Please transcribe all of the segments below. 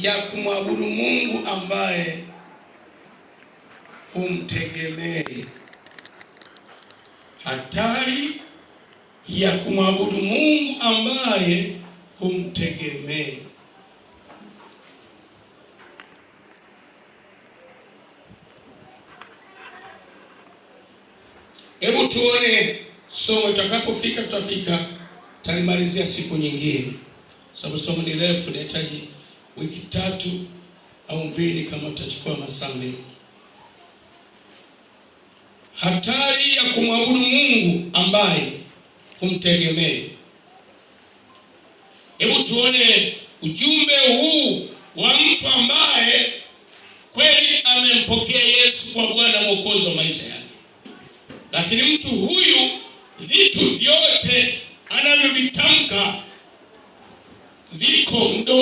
ya kumwabudu Mungu ambaye humtegemei. Hatari ya kumwabudu Mungu ambaye humtegemei. Hebu tuone somo, itakapofika tutafika, talimalizia siku nyingine, sababu somo ni refu, nahitaji wiki tatu au mbili, kama utachukua masaa mengi. Hatari ya kumwabudu Mungu ambaye humtegemei. Hebu tuone ujumbe huu wa mtu ambaye kweli amempokea Yesu kwa Bwana Mwokozi wa maisha yake, lakini mtu huyu vitu vyote anavyovitamka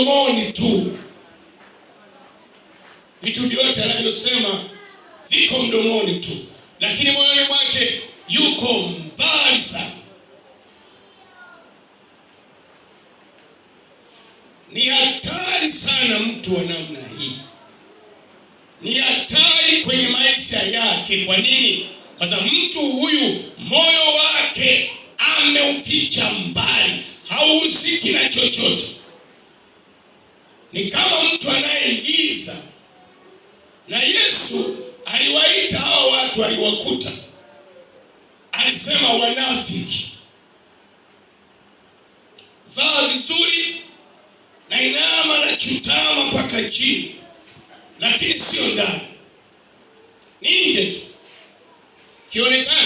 mdomoni tu. Vitu vyote anavyosema viko mdomoni tu, lakini moyoni mwake yuko mbali sana. Ni hatari sana mtu wa namna hii, ni hatari kwenye maisha yake. Kwa nini? Kwa sababu mtu huyu moyo wake ameuficha mbali, hauhusiki na chochote ni kama mtu anayeigiza. Na Yesu aliwaita hao watu, aliwakuta, alisema wanafiki, vaa vizuri na inama na chutama mpaka chini, lakini sio ndani, ninge tu kionekana